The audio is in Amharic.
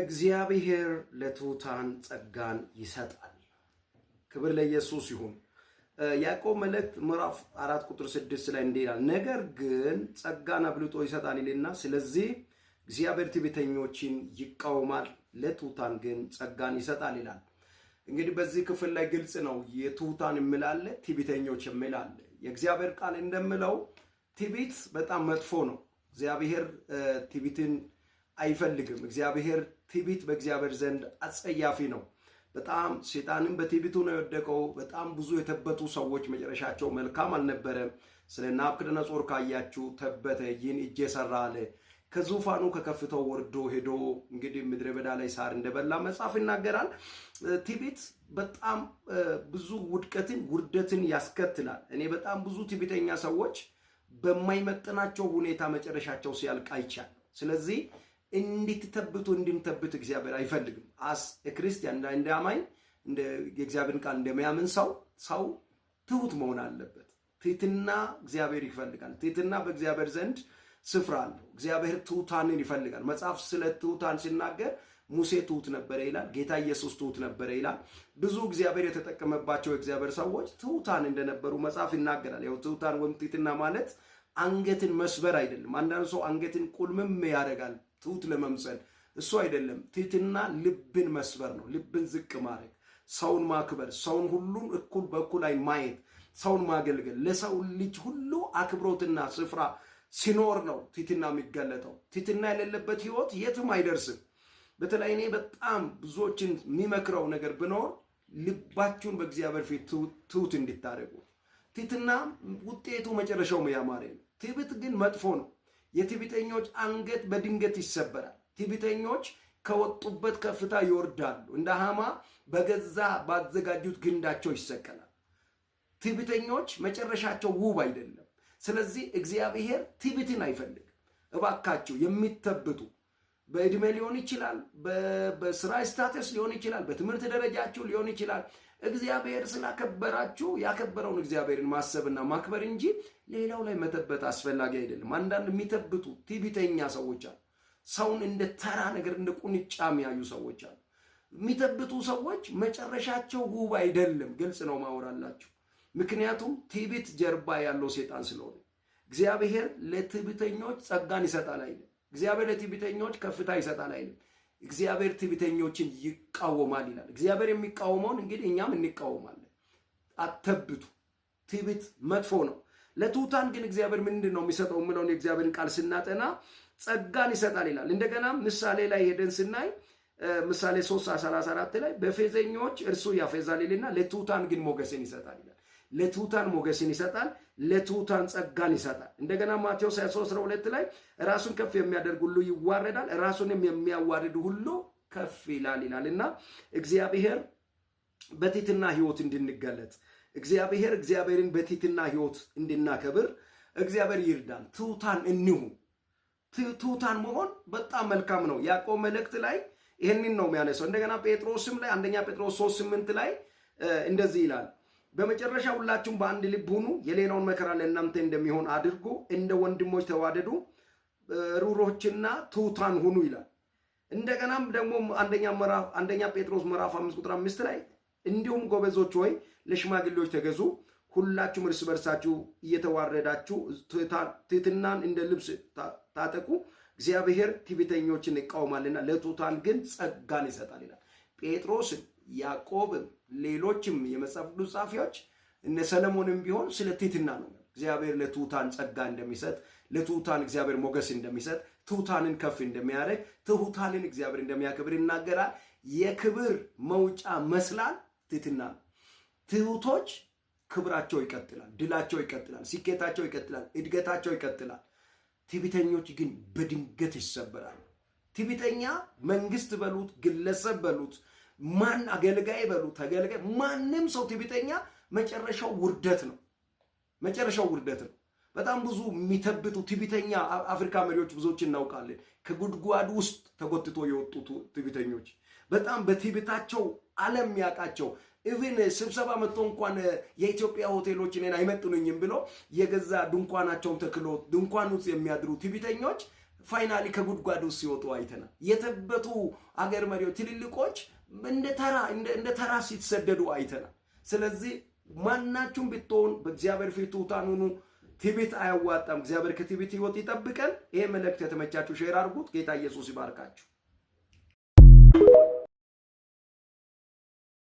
እግዚአብሔር ለትሑታን ጸጋን ይሰጣል። ክብር ለኢየሱስ ይሁን። ያዕቆብ መልእክት ምዕራፍ አራት ቁጥር ስድስት ላይ እንዲህ ይላል፣ ነገር ግን ጸጋን አብልጦ ይሰጣል ይልና ስለዚህ እግዚአብሔር ትዕቢተኞችን ይቃወማል፣ ለትሑታን ግን ጸጋን ይሰጣል ይላል። እንግዲህ በዚህ ክፍል ላይ ግልጽ ነው። የትሑታን የሚላለ ትዕቢተኞች የሚላለ የእግዚአብሔር ቃል እንደምለው ትዕቢት በጣም መጥፎ ነው። እግዚአብሔር ትዕቢትን አይፈልግም። እግዚአብሔር ትዕቢት በእግዚአብሔር ዘንድ አጸያፊ ነው። በጣም ሴጣንም በትዕቢቱ ነው የወደቀው። በጣም ብዙ የተበቱ ሰዎች መጨረሻቸው መልካም አልነበረም። ስለ ናቡከደነፆር ካያችሁ ተበተ፣ ይህን እጄ ሰራ አለ። ከዙፋኑ ከከፍተው ወርዶ ሄዶ እንግዲህ ምድረ በዳ ላይ ሳር እንደበላ መጽሐፍ ይናገራል። ትዕቢት በጣም ብዙ ውድቀትን ውርደትን ያስከትላል። እኔ በጣም ብዙ ትዕቢተኛ ሰዎች በማይመጥናቸው ሁኔታ መጨረሻቸው ሲያልቅ አይቻል። ስለዚህ እንድትተብቱ እንድንተብት እግዚአብሔር አይፈልግም። አስ ክርስቲያን እንደ አማኝ እንደ የእግዚአብሔርን ቃል እንደሚያምን ሰው ሰው ትሁት መሆን አለበት። ትህትና እግዚአብሔር ይፈልጋል። ትህትና በእግዚአብሔር ዘንድ ስፍራ አለው። እግዚአብሔር ትሁታንን ይፈልጋል። መጽሐፍ ስለ ትሑታን ሲናገር ሙሴ ትሁት ነበረ ይላል። ጌታ ኢየሱስ ትሑት ነበረ ይላል። ብዙ እግዚአብሔር የተጠቀመባቸው የእግዚአብሔር ሰዎች ትሁታን እንደነበሩ መጽሐፍ ይናገራል። ያው ትሑታን ወይም ትህትና ማለት አንገትን መስበር አይደለም። አንዳንድ ሰው አንገትን ቁልምም ያደርጋል ትሁት ለመምሰል እሱ አይደለም። ትህትና ልብን መስበር ነው። ልብን ዝቅ ማድረግ፣ ሰውን ማክበር፣ ሰውን ሁሉን እኩል በእኩል ላይ ማየት፣ ሰውን ማገልገል፣ ለሰው ልጅ ሁሉ አክብሮትና ስፍራ ሲኖር ነው ትህትና የሚገለጠው። ትህትና የሌለበት ህይወት የትም አይደርስም። በተለይ እኔ በጣም ብዙዎችን የሚመክረው ነገር ብኖር ልባችሁን በእግዚአብሔር ፊት ትሁት እንድታደርጉ። ትህትና ውጤቱ መጨረሻው ያማረ ነው። ትዕቢት ግን መጥፎ ነው። የትዕቢተኞች አንገት በድንገት ይሰበራል። ትዕቢተኞች ከወጡበት ከፍታ ይወርዳሉ፣ እንደ ሐማ በገዛ ባዘጋጁት ግንዳቸው ይሰቀላል። ትዕቢተኞች መጨረሻቸው ውብ አይደለም። ስለዚህ እግዚአብሔር ትዕቢትን አይፈልግም። እባካችሁ የሚተብቱ በእድሜ ሊሆን ይችላል፣ በስራ ስታተስ ሊሆን ይችላል፣ በትምህርት ደረጃችሁ ሊሆን ይችላል። እግዚአብሔር ስላከበራችሁ ያከበረውን እግዚአብሔርን ማሰብና ማክበር እንጂ ሌላው ላይ መተበት አስፈላጊ አይደለም። አንዳንድ የሚተብቱ ትዕቢተኛ ሰዎች አሉ። ሰውን እንደ ተራ ነገር እንደ ቁንጫ የሚያዩ ሰዎች አሉ። የሚተብቱ ሰዎች መጨረሻቸው ውብ አይደለም። ግልጽ ነው ማወራላችሁ። ምክንያቱም ትዕቢት ጀርባ ያለው ሴጣን ስለሆነ እግዚአብሔር ለትዕቢተኞች ጸጋን ይሰጣል አይልም። እግዚአብሔር ለትዕቢተኞች ከፍታ ይሰጣል አይልም። እግዚአብሔር ትዕቢተኞችን ይቃወማል ይላል። እግዚአብሔር የሚቃወመውን እንግዲህ እኛም እንቃወማለን። አተብቱ ትዕቢት መጥፎ ነው። ለትሑታን ግን እግዚአብሔር ምንድን ነው የሚሰጠው የምለውን የእግዚአብሔርን ቃል ስናጠና ጸጋን ይሰጣል ይላል። እንደገና ምሳሌ ላይ ሄደን ስናይ ምሳሌ 3 34 ላይ በፌዘኞች እርሱ ያፌዛል ይልና ለትሑታን ግን ሞገስን ይሰጣል ይላል። ለትሑታን ሞገስን ይሰጣል፣ ለትሑታን ጸጋን ይሰጣል። እንደገና ማቴዎስ 23፥12 ላይ ራሱን ከፍ የሚያደርግ ሁሉ ይዋረዳል፣ ራሱንም የሚያዋርድ ሁሉ ከፍ ይላል ይላል እና እግዚአብሔር በትሕትና ህይወት እንድንገለጥ እግዚአብሔር እግዚአብሔርን በትሕትና ህይወት እንድናከብር እግዚአብሔር ይርዳን። ትሑታን እንሁን። ትሑታን መሆን በጣም መልካም ነው። ያዕቆብ መልእክት ላይ ይህንን ነው የሚያነሳው። እንደገና ጴጥሮስም ላይ አንደኛ ጴጥሮስ 3 8 ላይ እንደዚህ ይላል በመጨረሻ ሁላችሁም በአንድ ልብ ሁኑ፣ የሌላውን መከራ ለእናንተ እንደሚሆን አድርጉ፣ እንደ ወንድሞች ተዋደዱ፣ ሩሮችና ትሑታን ሁኑ ይላል። እንደገናም ደግሞ አንደኛ አንደኛ ጴጥሮስ ምዕራፍ አምስት ቁጥር አምስት ላይ እንዲሁም ጎበዞች ሆይ ለሽማግሌዎች ተገዙ፣ ሁላችሁም እርስ በርሳችሁ እየተዋረዳችሁ ትሕትናን እንደ ልብስ ታጠቁ፣ እግዚአብሔር ትዕቢተኞችን ይቃወማልና ለትሑታን ግን ጸጋን ይሰጣል ይላል ጴጥሮስን ያዕቆብን ሌሎችም የመጽሐፍ ቅዱስ ጸሐፊዎች እነ ሰለሞንም ቢሆን ስለ ትህትና ነው። እግዚአብሔር ለትሑታን ጸጋ እንደሚሰጥ፣ ለትሁታን እግዚአብሔር ሞገስ እንደሚሰጥ፣ ትሁታንን ከፍ እንደሚያደርግ፣ ትሁታንን እግዚአብሔር እንደሚያከብር ይናገራል። የክብር መውጫ መስላል ትህትና ነው። ትሁቶች ክብራቸው ይቀጥላል፣ ድላቸው ይቀጥላል፣ ስኬታቸው ይቀጥላል፣ እድገታቸው ይቀጥላል። ትዕቢተኞች ግን በድንገት ይሰበራል። ትዕቢተኛ መንግስት በሉት ግለሰብ በሉት ማን አገልጋይ በሉት አገልጋይ ማንም ሰው ትዕቢተኛ መጨረሻው ውርደት ነው። መጨረሻው ውርደት ነው። በጣም ብዙ የሚተብቱ ትዕቢተኛ አፍሪካ መሪዎች ብዙዎች እናውቃለን። ከጉድጓድ ውስጥ ተጎትቶ የወጡት ትዕቢተኞች በጣም በትዕቢታቸው ዓለም ያውቃቸው ኢቭን ስብሰባ መጥቶ እንኳን የኢትዮጵያ ሆቴሎች እኔን አይመጥኑኝም ብሎ የገዛ ድንኳናቸውን ተክሎ ድንኳን ውስጥ የሚያድሩ ትዕቢተኞች ፋይናሊ ከጉድጓዱ ሲወጡ አይተናል። የተበቱ አገር መሪዎች ትልልቆች እንደ ተራ እንደ ተራ ሲሰደዱ አይተናል። ስለዚህ ማናችሁም ብትሆን በእግዚአብሔር ፊት ትሑታን ሁኑ። ትዕቢት አያዋጣም። እግዚአብሔር ከትዕቢት ሕይወት ይጠብቀን። ይሄ መልእክት የተመቻችሁ ሼር አድርጉት። ጌታ ኢየሱስ ይባርካችሁ።